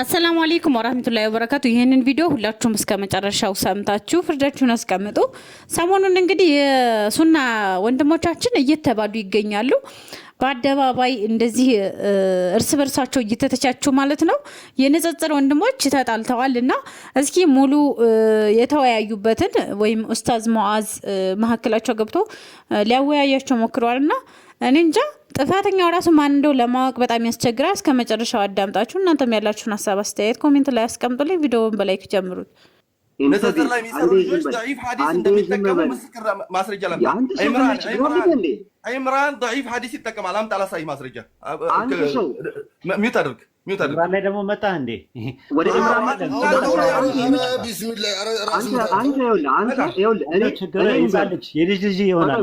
አሰላሙ አሌይኩም ወራህመቱላሂ ወበረካቱ። ይህንን ቪዲዮ ሁላችሁም እስከ መጨረሻው ሰምታችሁ ፍርዳችሁን አስቀምጡ። ሰሞኑን እንግዲህ የሱና ወንድሞቻችን እየተባሉ ይገኛሉ። በአደባባይ እንደዚህ እርስ በርሳቸው እየተተቻቸው ማለት ነው። የንጽጽር ወንድሞች ተጣልተዋል እና እስኪ ሙሉ የተወያዩበትን ወይም ኡስታዝ ሙአዝ መካከላቸው ገብቶ ሊያወያያቸው ሞክረዋል እና እኔ እንጃ ጥፋተኛው ራሱ ማን እንደው ለማወቅ በጣም ያስቸግራል። እስከ መጨረሻው አዳምጣችሁ እናንተም ያላችሁን ሀሳብ አስተያየት ኮሜንት ላይ አስቀምጡልኝ። ቪዲዮውን በላይክ ጀምሩት። ላይ ዒምራን ይጠቀማል። አምጣ ላሳይ ማስረጃ። አድርግ ላይ ደግሞ መጣ እንዴ ወደ አንተ ይኸውልህ አንተ ይኸውልህ እኔ ችግር የልጅ ልጅ ይሆናል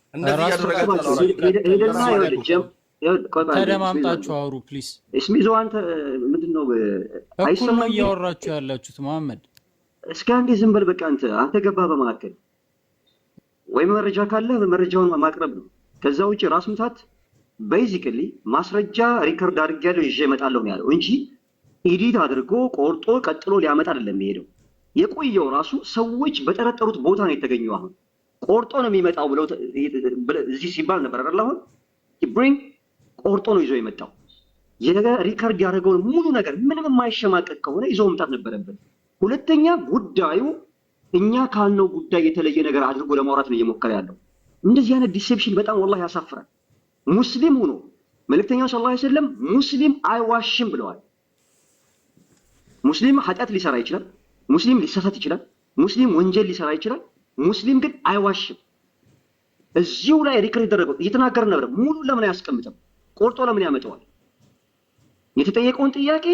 ተደማምጣችሁ አውሩ ፕሊስ። አንተ ምንድን ነው እኩል ነው እያወራችሁ ያላችሁት? መሐመድ እስኪ አንዴ ዝም በል በቃ። አንተ አንተ ገባ በመካከል ወይም መረጃ ካለ መረጃውን ማቅረብ ነው። ከዛ ውጭ ራስ ምታት ቤዚክሊ ማስረጃ ሪከርድ አድርጌያለሁ ይዤ እመጣለሁ ያለው እንጂ ኢዲት አድርጎ ቆርጦ ቀጥሎ ሊያመጣ አይደለም የሚሄደው። የቆየው ራሱ ሰዎች በጠረጠሩት ቦታ ነው የተገኘው አሁን ቆርጦ ነው የሚመጣው ብለው እዚህ ሲባል ነበር አይደል? አሁን ብሪንግ ቆርጦ ነው ይዞ የመጣው ሪከርድ ያደረገውን ሙሉ ነገር ምንም የማይሸማቀቅ ከሆነ ይዞ መምጣት ነበረብን ሁለተኛ ጉዳዩ እኛ ካልነው ጉዳይ የተለየ ነገር አድርጎ ለማውራት ነው እየሞከረ ያለው። እንደዚህ አይነት ዲሴፕሽን በጣም ወላ ያሳፍራል። ሙስሊም ሆኖ መልእክተኛው ሰለላሁ ዐለይሂ ሙስሊም አይዋሽም ብለዋል። ሙስሊም ኃጢአት ሊሰራ ይችላል። ሙስሊም ሊሳሳት ይችላል። ሙስሊም ወንጀል ሊሰራ ይችላል። ሙስሊም ግን አይዋሽም። እዚሁ ላይ ሪከር ይደረገው እየተናገር ነበር። ሙሉ ለምን አያስቀምጥም? ቆርጦ ለምን ያመጣዋል? የተጠየቀውን ጥያቄ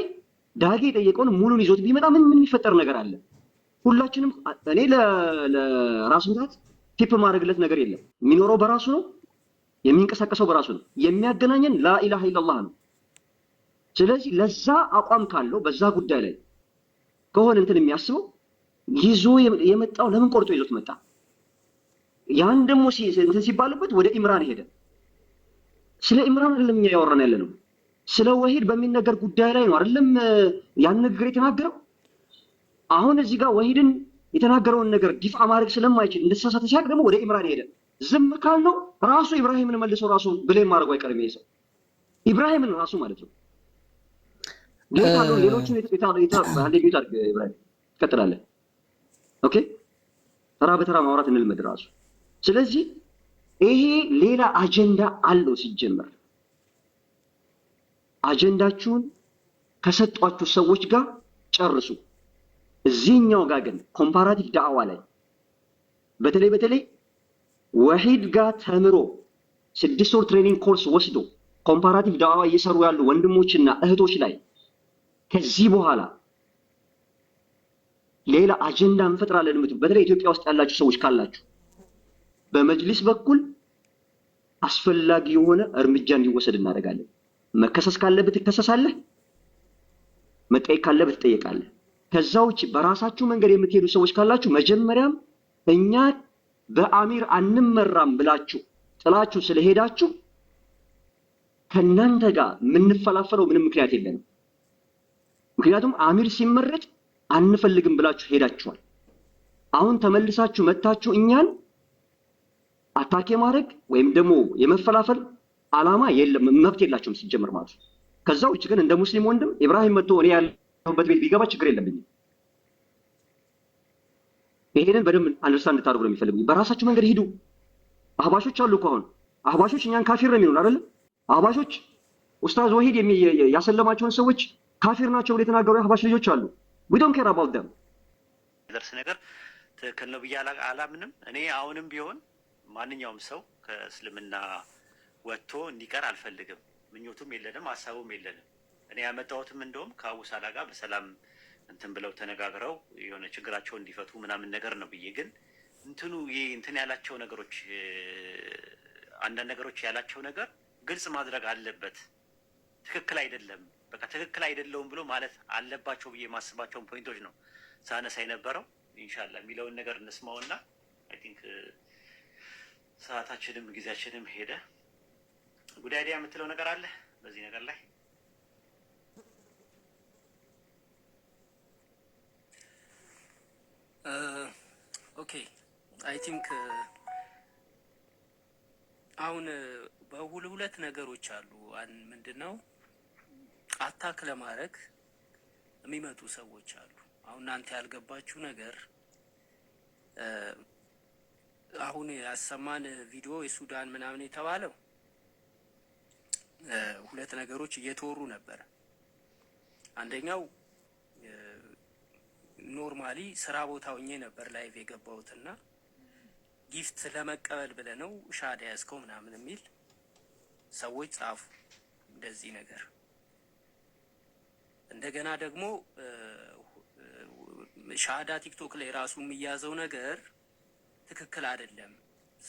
ዳጌ የጠየቀውን ሙሉን ይዞት ቢመጣ ምን ምን የሚፈጠር ነገር አለ? ሁላችንም እኔ ለራሱ ምታት ቲፕ ማድረግለት ነገር የለም። የሚኖረው በራሱ ነው፣ የሚንቀሳቀሰው በራሱ ነው። የሚያገናኘን ላኢላሃ ኢለላህ ነው። ስለዚህ ለዛ አቋም ካለው በዛ ጉዳይ ላይ ከሆነ እንትን የሚያስበው ይዞ የመጣው ለምን ቆርጦ ይዞት መጣ? ያን ደግሞ እንትን ሲባልበት ወደ ኢምራን ሄደ። ስለ ኢምራን አይደለም እኛ ያወራን ያለ ነው። ስለ ወሂድ በሚነገር ጉዳይ ላይ ነው አይደለም ያን ንግግር የተናገረው። አሁን እዚህ ጋር ወሂድን የተናገረውን ነገር ዲፋ ማድረግ ስለማይችል እንደተሳሳተ ሲያቅ ደግሞ ወደ ኢምራን ሄደ። ዝም ካልነው ራሱ ኢብራሂምን መልሰው ራሱ ብሌም ማድረጉ አይቀርም ይሄ ሰው ኢብራሂምን ራሱ ማለት ነው። ሌሎችን ሌሎችን ይቀጥላለን ኦኬ ተራ በተራ ማውራት እንልመድ ራሱ። ስለዚህ ይሄ ሌላ አጀንዳ አለው ሲጀመር አጀንዳችሁን ከሰጧችሁ ሰዎች ጋር ጨርሱ። እዚህኛው ጋር ግን ኮምፓራቲቭ ዳዕዋ ላይ በተለይ በተለይ ወሂድ ጋር ተምሮ ስድስት ወር ትሬኒንግ ኮርስ ወስዶ ኮምፓራቲቭ ዳዕዋ እየሰሩ ያሉ ወንድሞችና እህቶች ላይ ከዚህ በኋላ ሌላ አጀንዳ እንፈጥራለን የምትሉ በተለይ ኢትዮጵያ ውስጥ ያላችሁ ሰዎች ካላችሁ በመጅሊስ በኩል አስፈላጊ የሆነ እርምጃ እንዲወሰድ እናደርጋለን። መከሰስ ካለብህ ትከሰሳለህ፣ መጠየቅ ካለብህ ትጠየቃለህ። ከዛ ውጭ በራሳችሁ መንገድ የምትሄዱ ሰዎች ካላችሁ መጀመሪያም እኛ በአሚር አንመራም ብላችሁ ጥላችሁ ስለሄዳችሁ ከእናንተ ጋር የምንፈላፈለው ምንም ምክንያት የለንም። ምክንያቱም አሚር ሲመረጥ አንፈልግም ብላችሁ ሄዳችኋል። አሁን ተመልሳችሁ መታችሁ እኛን አታኪ ማድረግ ወይም ደግሞ የመፈላፈል አላማ የለም፣ መብት የላቸውም ሲጀምር ማለት ነው። ከዛ ውጭ ግን እንደ ሙስሊም ወንድም ኢብራሂም መጥቶ እኔ ያለሁበት ቤት ቢገባ ችግር የለብኝም። ይሄንን በደንብ አንደርስታንድ እንድታደርጉ ነው የሚፈልጉ። በራሳችሁ መንገድ ሂዱ። አህባሾች አሉ እኮ አሁን አህባሾች እኛን ካፊር ነው የሚሉን አይደለም። አህባሾች ኡስታዝ ወሂድ ያሰለማቸውን ሰዎች ካፊር ናቸው ብሎ የተናገሩ የአህባሽ ልጆች አሉ። ዊ ዶንት ኬር አባውት ደም ደርስ ነገር ትክክል ነው ብዬ አላምንም። እኔ አሁንም ቢሆን ማንኛውም ሰው ከእስልምና ወጥቶ እንዲቀር አልፈልግም። ምኞቱም የለንም፣ ሀሳቡም የለንም። እኔ ያመጣሁትም እንደውም ከአቡሳላ ጋር በሰላም እንትን ብለው ተነጋግረው የሆነ ችግራቸውን እንዲፈቱ ምናምን ነገር ነው ብዬ ግን እንትኑ ይሄ እንትን ያላቸው ነገሮች አንዳንድ ነገሮች ያላቸው ነገር ግልጽ ማድረግ አለበት። ትክክል አይደለም። በቃ ትክክል አይደለውም ብሎ ማለት አለባቸው ብዬ የማስባቸውን ፖይንቶች ነው ሳነሳ የነበረው። ኢንሻላ የሚለውን ነገር እንስማውና አይ ቲንክ uh, ሰዓታችንም ጊዜያችንም ሄደ። ጉዳይ ዲያ የምትለው ነገር አለ በዚህ ነገር ላይ ኦኬ አይ ቲንክ አሁን uh, በሁለት ነገሮች አሉ ምንድን ነው አታክ ለማድረግ የሚመጡ ሰዎች አሉ። አሁን እናንተ ያልገባችሁ ነገር አሁን ያሰማን ቪዲዮ የሱዳን ምናምን የተባለው ሁለት ነገሮች እየተወሩ ነበረ። አንደኛው ኖርማሊ ስራ ቦታ ሆኜ ነበር ላይቭ የገባሁት እና ጊፍት ለመቀበል ብለህ ነው ሻዳ ያዝከው ምናምን የሚል ሰዎች ጻፉ እንደዚህ ነገር እንደገና ደግሞ ሻሃዳ ቲክቶክ ላይ ራሱ የሚያዘው ነገር ትክክል አይደለም።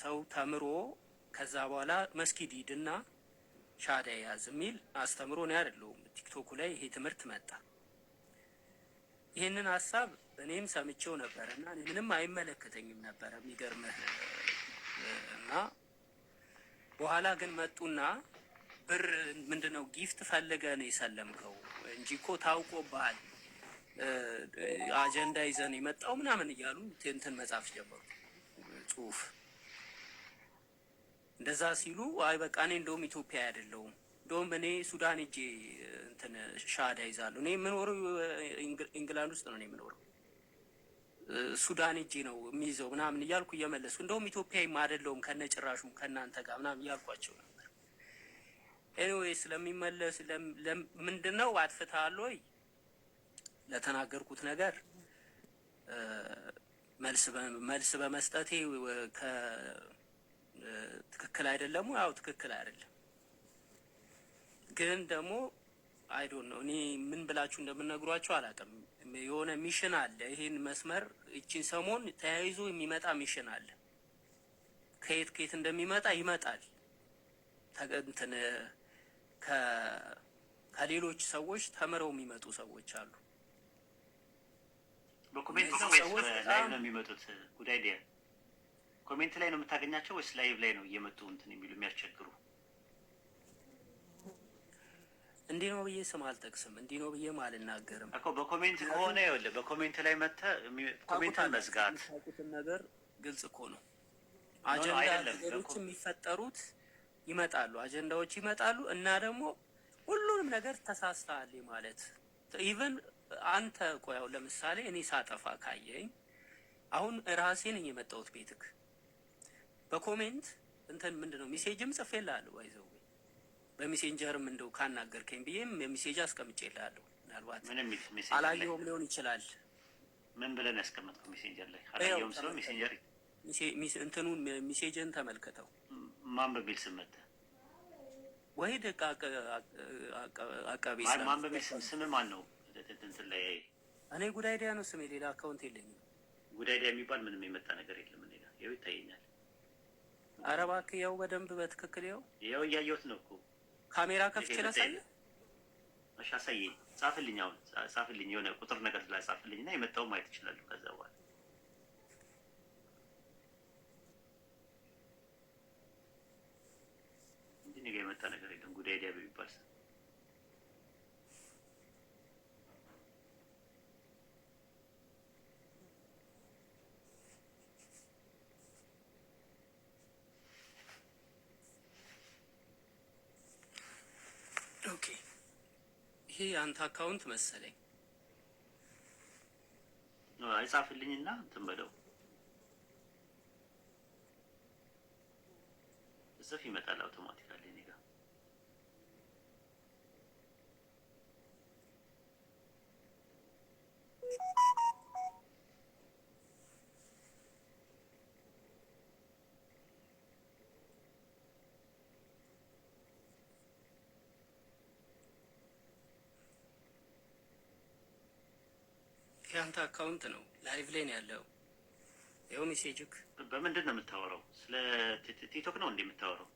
ሰው ተምሮ ከዛ በኋላ መስጊድ ሂድና ሻሃዳ ያዝ የሚል አስተምሮ ነው ያደለውም። ቲክቶኩ ላይ ይሄ ትምህርት መጣ። ይህንን ሀሳብ እኔም ሰምቼው ነበር እና ምንም አይመለከተኝም ነበር የሚገርምህ እና በኋላ ግን መጡና ብር ምንድነው ጊፍት ፈልገ ነው የሰለምከው እንጂ እኮ ታውቆብሃል አጀንዳ ይዘን የመጣው ምናምን እያሉ እንትን መጻፍ ጀመሩ ጽሁፍ። እንደዛ ሲሉ አይ በቃ እኔ እንደውም ኢትዮጵያ አይደለውም እንደውም እኔ ሱዳን እጄ እንትን ሻሃዳ ይዛለሁ። እኔ የምኖረው ኢንግላንድ ውስጥ ነው የምኖረው ሱዳን እጄ ነው የሚይዘው ምናምን እያልኩ እየመለስኩ እንደውም ኢትዮጵያዊም አይደለውም ከነ ጭራሹም ከእናንተ ጋር ምናምን እያልኳቸው ነው ኤኒዌይ ስለሚመለስ ምንድን ነው አጥፍተሃል ወይ ለተናገርኩት ነገር መልስ በመስጠቴ ትክክል አይደለም። ያው ትክክል አይደለም፣ ግን ደግሞ ዶንት ነው እኔ ምን ብላችሁ እንደምነግሯቸው አላውቅም። የሆነ ሚሽን አለ። ይሄን መስመር እቺን ሰሞን ተያይዞ የሚመጣ ሚሽን አለ። ከየት ከየት እንደሚመጣ ይመጣል። እንትን ከሌሎች ሰዎች ተምረው የሚመጡ ሰዎች አሉ። በኮሜንት ነው ወይስ ላይ ነው የሚመጡት? ጉዳይ ኮሜንት ላይ ነው የምታገኛቸው ወይስ ላይቭ ላይ ነው እየመጡ እንትን የሚሉ የሚያስቸግሩ? እንዲህ ነው ብዬ ስም አልጠቅስም፣ እንዲህ ነው ብዬም አልናገርም እኮ በኮሜንት ከሆነ ይኸውልህ፣ በኮሜንት ላይ መጥተህ ኮሜንት መዝጋት ነገር ግልጽ እኮ ነው። አጀንዳ ነገሮች የሚፈጠሩት ይመጣሉ፣ አጀንዳዎች ይመጣሉ እና ደግሞ ሁሉንም ነገር ተሳስተሃል ማለት ኢቨን አንተ እኮ ያው ለምሳሌ እኔ ሳጠፋ ካየኝ አሁን ራሴ ነኝ የመጣሁት ቤትክ በኮሜንት እንትን ምንድን ነው ሜሴጅም ጽፌልሃለሁ፣ ይዘው በሜሴንጀርም እንደው ካናገርከኝ ብዬም የሚሴጅ አስቀምጬልሃለሁ። ምናልባት አላየሁም ሊሆን ይችላል። ምን ብለን ያስቀመጥከው ሚሴንጀር ላይ አላየውም ስለው ሚሴንጀር እንትኑን ሜሴጅን ተመልከተው ማን በሚል ስም መጣ? ወሂድ አቃቤ ማን በሚል ስም ስም ማን ነው? እንትን ላይ እኔ ጉዳይ ዲያ ነው ስሜ፣ ሌላ አካውንት የለኝም። ዲያ የሚባል ምንም የመጣ ነገር የለም። እኔ ጋር ይኸው ይታየኛል። ኧረ እባክህ ያው በደንብ በትክክል ያው ያው እያየሁት ነው እኮ ካሜራ ከፍቼ ላሳየህ። እሺ አሳየኝ። ጻፍልኝ፣ አሁን ጻፍልኝ፣ የሆነ ቁጥር ነገር ላይ ጻፍልኝ እና የመጣውን ማየት ይችላሉ ከዛ በኋላ ይሄ የአንተ አካውንት መሰለኝ። አይጻፍልኝና እንትን በለው እጽፍ ይመጣል አውቶማቲካሊ እኔ ጋር ያንተ አካውንት ነው ላይቭ ላይ ነው ያለው። ይኸው ሜሴጅክ። በምንድን ነው የምታወራው? ስለ ቲክቶክ ነው እንዴ የምታወራው?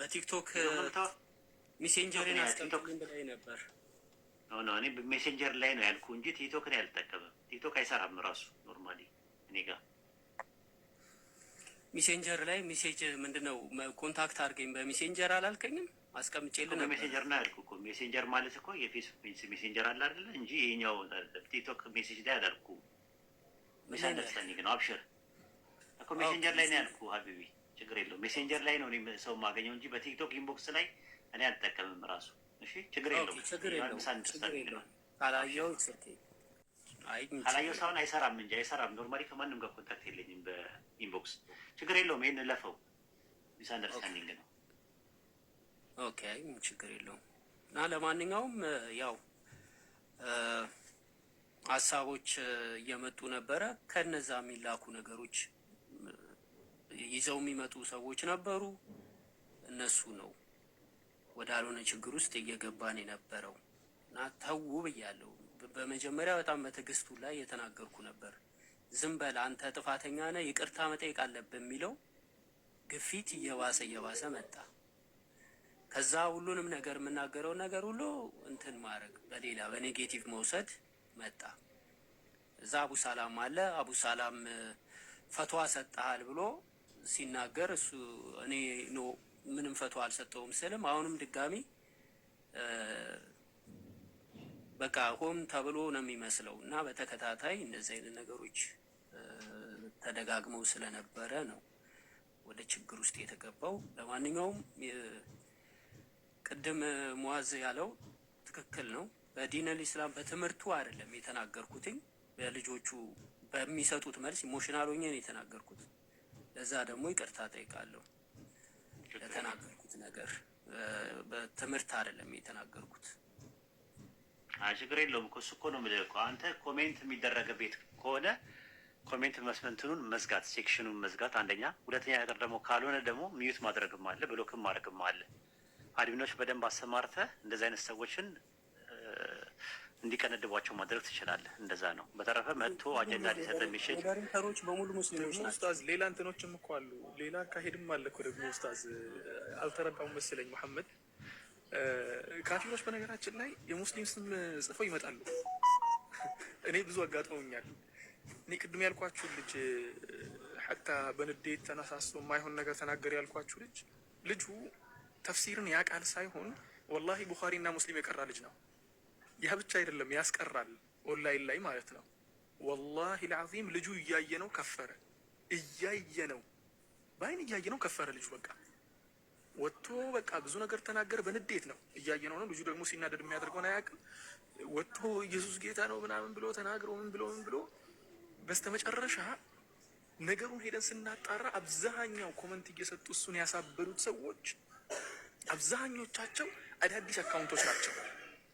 በቲክቶክ ሜሴንጀርን አስቀምጥልኝ ብላይ ነበር። እኔ ሜሴንጀር ላይ ነው ያልኩ እንጂ ቲክቶክ ላይ አልጠቀምም። ቲክቶክ አይሰራም ራሱ ኖርማሊ እኔ ጋር ሜሴንጀር ላይ ሜሴጅ ምንድነው ኮንታክት አድርገኝ በሜሴንጀር አላልከኝም? አስቀምጬልን ሜሴንጀር ነው ያልኩ እኮ። ሜሴንጀር ማለት እኮ የፌስቡክ ሜሴንጀር አለ አይደለ? እንጂ ይሄኛው ቲክቶክ ሜሴጅ ላይ አላልኩም። ሚስአንደርስታንዲንግ ነው። አብሽር እኮ ሜሴንጀር ላይ ነው ያልኩ ሀቢቢ። ችግር የለው ሜሴንጀር ላይ ነው ሰው ማገኘው እንጂ በቲክቶክ ኢንቦክስ ላይ እኔ አልጠቀምም ራሱ። እሺ፣ ችግር የለውም ሚስአንደርስታንዲንግ ካላየው ሳይሆን አይሰራም እንጂ አይሰራም። ኖርማሊ ከማንም ጋር ኮንታክት የለኝም በኢንቦክስ። ችግር የለውም ይህን ለፈው። ሚስአንደርስታንዲንግ ነው ኦኬ፣ ችግር የለውም እና ለማንኛውም ያው ሀሳቦች እየመጡ ነበረ። ከነዛ የሚላኩ ነገሮች ይዘው የሚመጡ ሰዎች ነበሩ። እነሱ ነው ወዳልሆነ ችግር ውስጥ እየገባን የነበረው እና ተው ብያለሁ። በመጀመሪያ በጣም በትዕግስቱ ላይ የተናገርኩ ነበር። ዝም በል አንተ ጥፋተኛ ነህ፣ ይቅርታ መጠየቅ አለብህ የሚለው ግፊት እየባሰ እየባሰ መጣ። ከዛ ሁሉንም ነገር የምናገረው ነገር ሁሉ እንትን ማድረግ በሌላ በኔጌቲቭ መውሰድ መጣ። እዛ አቡሰላም አለ። አቡሰላም ፈትዋ ሰጠሃል ብሎ ሲናገር እሱ እኔ ኖ ምንም ፈቷ አልሰጠውም ስልም አሁንም ድጋሚ በቃ ሆም ተብሎ ነው የሚመስለው እና በተከታታይ እንደዚህ አይነት ነገሮች ተደጋግመው ስለነበረ ነው ወደ ችግር ውስጥ የተገባው። ለማንኛውም ቅድም ሙዋዝ ያለው ትክክል ነው። በዲነል ኢስላም በትምህርቱ አይደለም የተናገርኩትኝ በልጆቹ በሚሰጡት መልስ ኢሞሽናል ሆኜ ነው የተናገርኩት። ለዛ ደግሞ ይቅርታ ጠይቃለሁ። ለተናገርኩት ነገር በትምህርት አይደለም የተናገርኩት። አይ ችግር የለውም እኮ እሱ እኮ ነው የምልህ እኮ አንተ ኮሜንት የሚደረግ ቤት ከሆነ ኮሜንት መስመንትኑን መዝጋት ሴክሽኑን መዝጋት አንደኛ፣ ሁለተኛ ነገር ደግሞ ካልሆነ ደግሞ ሚዩት ማድረግም አለ ብሎክም ማድረግም አለ። አድሚኖች በደንብ አሰማርተህ እንደዚህ አይነት ሰዎችን እንዲቀነድቧቸው ማድረግ ትችላለህ። እንደዛ ነው። በተረፈ መጥቶ አጀንዳ ሊሰጥ የሚችል ዳይሬክተሮች በሙሉ ሙስሊሞች ኡስታዝ፣ ሌላ እንትኖችም እኮ አሉ። ሌላ አካሄድም አለ እኮ ደግሞ ኡስታዝ። አልተረዳሁም መሰለኝ መሐመድ። ካፊሮች በነገራችን ላይ የሙስሊም ስም ጽፈው ይመጣሉ። እኔ ብዙ አጋጥመውኛል። እኔ ቅድም ያልኳችሁ ልጅ ሐታ በንዴት ተነሳስቶ የማይሆን ነገር ተናገር ያልኳችሁ ልጅ ልጁ ተፍሲርን ያቃል ሳይሆን ወላሂ ቡኻሪና ሙስሊም የቀራ ልጅ ነው። ያ ብቻ አይደለም ያስቀራል፣ ኦንላይን ላይ ማለት ነው። ወላሂ ልዓዚም ልጁ እያየ ነው ከፈረ፣ እያየ ነው በአይን እያየ ነው ከፈረ። ልጁ በቃ ወጥቶ በቃ ብዙ ነገር ተናገረ፣ በንዴት ነው እያየ ነው ነው። ልጁ ደግሞ ሲናደድ የሚያደርገውን አያውቅም። ወጥቶ ኢየሱስ ጌታ ነው ምናምን ብሎ ተናግሮ ምን ብሎ ምን ብሎ በስተመጨረሻ ነገሩን ሄደን ስናጣራ አብዛኛው ኮመንት እየሰጡ እሱን ያሳበዱት ሰዎች አብዛኞቻቸው አዳዲስ አካውንቶች ናቸው።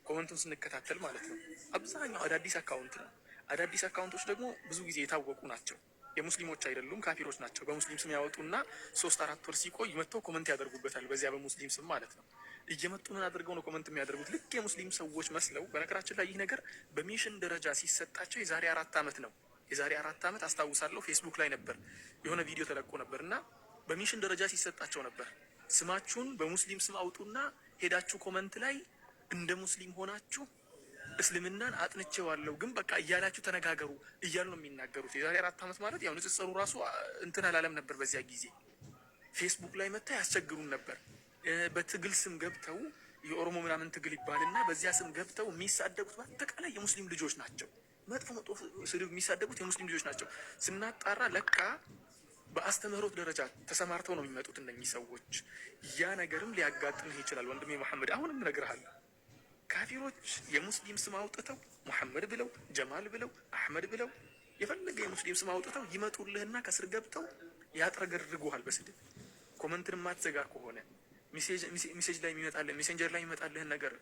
ኮመንቱን ስንከታተል ማለት ነው አብዛኛው አዳዲስ አካውንት ነው። አዳዲስ አካውንቶች ደግሞ ብዙ ጊዜ የታወቁ ናቸው። የሙስሊሞች አይደሉም፣ ካፊሮች ናቸው። በሙስሊም ስም ያወጡና ሶስት አራት ወር ሲቆይ መጥተው ኮመንት ያደርጉበታል። በዚያ በሙስሊም ስም ማለት ነው። እየመጡ ምን አድርገው ነው ኮመንት የሚያደርጉት? ልክ የሙስሊም ሰዎች መስለው። በነገራችን ላይ ይህ ነገር በሚሽን ደረጃ ሲሰጣቸው የዛሬ አራት ዓመት ነው። የዛሬ አራት ዓመት አስታውሳለሁ ፌስቡክ ላይ ነበር የሆነ ቪዲዮ ተለቆ ነበር እና በሚሽን ደረጃ ሲሰጣቸው ነበር ስማችሁን በሙስሊም ስም አውጡና ሄዳችሁ ኮመንት ላይ እንደ ሙስሊም ሆናችሁ እስልምናን አጥንቼዋለሁ ግን በቃ እያላችሁ ተነጋገሩ እያሉ ነው የሚናገሩት። የዛሬ አራት ዓመት ማለት ያው ንጽጽሩ ራሱ እንትን አላለም ነበር። በዚያ ጊዜ ፌስቡክ ላይ መታ ያስቸግሩን ነበር። በትግል ስም ገብተው የኦሮሞ ምናምን ትግል ይባልና በዚያ ስም ገብተው የሚሳደጉት በአጠቃላይ የሙስሊም ልጆች ናቸው። መጥፎ መጥፎ ስድብ የሚሳደጉት የሙስሊም ልጆች ናቸው። ስናጣራ ለካ በአስተምህሮት ደረጃ ተሰማርተው ነው የሚመጡት እነኚህ ሰዎች። ያ ነገርም ሊያጋጥምህ ይችላል ወንድሜ መሐመድ። አሁንም እነግርሃለሁ ካፊሮች የሙስሊም ስም አውጥተው መሐመድ ብለው ጀማል ብለው አሕመድ ብለው የፈለገ የሙስሊም ስም አውጥተው ይመጡልህና ከስር ገብተው ያጥረገርጉሃል በስድብ። ኮመንትን የማትዘጋ ከሆነ ሜሴጅ ላይ የሚመጣልህ ሜሴንጀር ላይ የሚመጣልህን ነገር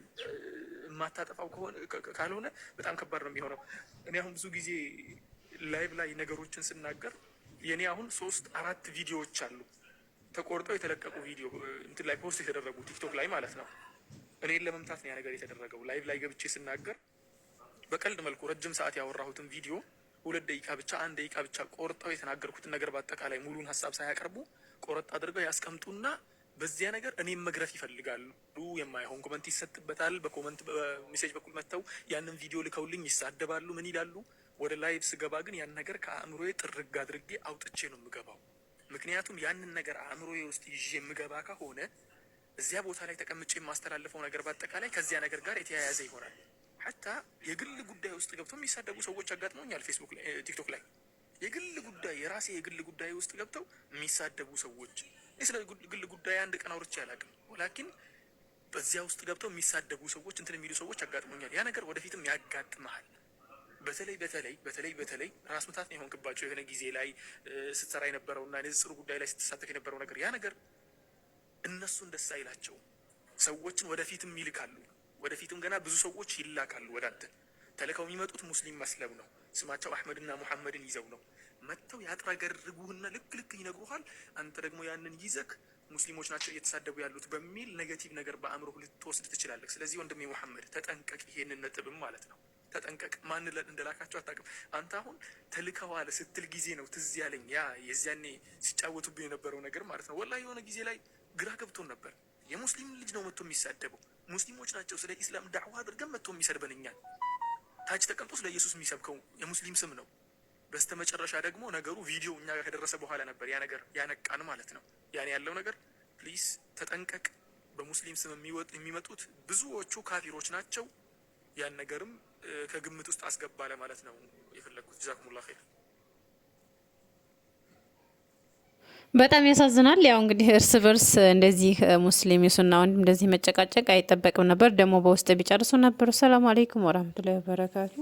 የማታጠፋው ካልሆነ በጣም ከባድ ነው የሚሆነው። እኔ አሁን ብዙ ጊዜ ላይቭ ላይ ነገሮችን ስናገር የኔ አሁን ሶስት አራት ቪዲዮዎች አሉ ተቆርጠው የተለቀቁ ቪዲዮ እንትን ላይ ፖስት የተደረጉ ቲክቶክ ላይ ማለት ነው። እኔን ለመምታት ነው ያ ነገር የተደረገው። ላይቭ ላይ ገብቼ ስናገር በቀልድ መልኩ ረጅም ሰዓት ያወራሁትን ቪዲዮ ሁለት ደቂቃ ብቻ አንድ ደቂቃ ብቻ ቆርጠው የተናገርኩትን ነገር በአጠቃላይ ሙሉን ሀሳብ ሳያቀርቡ ቆረጥ አድርገው ያስቀምጡና በዚያ ነገር እኔም መግረፍ ይፈልጋሉ። የማይሆን ኮመንት ይሰጥበታል። በኮመንት በሜሴጅ በኩል መጥተው ያንን ቪዲዮ ልከውልኝ ይሳደባሉ። ምን ይላሉ? ወደ ላይቭ ስገባ ግን ያን ነገር ከአእምሮዬ ጥርግ አድርጌ አውጥቼ ነው የምገባው። ምክንያቱም ያንን ነገር አእምሮዬ ውስጥ ይዤ የምገባ ከሆነ እዚያ ቦታ ላይ ተቀምጬ የማስተላለፈው ነገር በአጠቃላይ ከዚያ ነገር ጋር የተያያዘ ይሆናል። ሀታ የግል ጉዳይ ውስጥ ገብተው የሚሳደቡ ሰዎች አጋጥመውኛል። ፌስቡክ ላይ፣ ቲክቶክ ላይ የግል ጉዳይ የራሴ የግል ጉዳይ ውስጥ ገብተው የሚሳደቡ ሰዎች ስለ ግል ጉዳይ አንድ ቀን አውርቼ አላውቅም። ወላኪን በዚያ ውስጥ ገብተው የሚሳደቡ ሰዎች እንትን የሚሉ ሰዎች አጋጥሞኛል። ያ ነገር ወደፊትም ያጋጥመሃል። በተለይ በተለይ በተለይ በተለይ ራስ ምታት የሆንክባቸው የሆነ ጊዜ ላይ ስትሰራ የነበረውና ንጽጽሩ ጉዳይ ላይ ስትሳተፍ የነበረው ነገር ያ ነገር እነሱን ደስ አይላቸው ሰዎችን ወደፊትም ይልካሉ። ወደፊትም ገና ብዙ ሰዎች ይላካሉ ወደ አንተ ተልከው የሚመጡት ሙስሊም መስለብ ነው። ስማቸው አሕመድና ሙሐመድን ይዘው ነው መጥተው ያጥረገርጉህና ልክ ልክ ይነግሩሃል። አንተ ደግሞ ያንን ይዘክ ሙስሊሞች ናቸው እየተሳደቡ ያሉት በሚል ኔጋቲቭ ነገር በአእምሮህ ልትወስድ ትችላለህ። ስለዚህ ወንድሜ ሙሐመድ ተጠንቀቅ፣ ይሄንን ነጥብም ማለት ነው። ተጠንቀቅ። ማን እንደላካቸው አታውቅም። አንተ አሁን ተልከዋል ስትል ጊዜ ነው ትዝ ያለኝ ያ የዚያኔ ሲጫወቱብኝ የነበረው ነገር ማለት ነው። ወላሂ የሆነ ጊዜ ላይ ግራ ገብቶን ነበር። የሙስሊም ልጅ ነው መጥቶ የሚሳደበው። ሙስሊሞች ናቸው ስለ ኢስላም ዳዕዋ አድርገን መጥቶ የሚሰድበን እኛን። ታች ተቀምጦ ስለ ኢየሱስ የሚሰብከው የሙስሊም ስም ነው። በስተመጨረሻ ደግሞ ነገሩ ቪዲዮ እኛ ጋር ከደረሰ በኋላ ነበር ያ ነገር ያነቃን ማለት ነው። ያኔ ያለው ነገር ፕሊስ ተጠንቀቅ። በሙስሊም ስም የሚመጡት ብዙዎቹ ካፊሮች ናቸው። ያን ነገርም ከግምት ውስጥ አስገባ ለማለት ነው የፈለግኩት። ጀዛኩሙላ ኸይር። በጣም ያሳዝናል። ያው እንግዲህ እርስ በርስ እንደዚህ ሙስሊም የሱና ወንድም እንደዚህ መጨቃጨቅ አይጠበቅም ነበር። ደግሞ በውስጥ ቢጨርሱ ነበሩ። ሰላም አሌይኩም ወራህመቱላሂ ወበረካቱ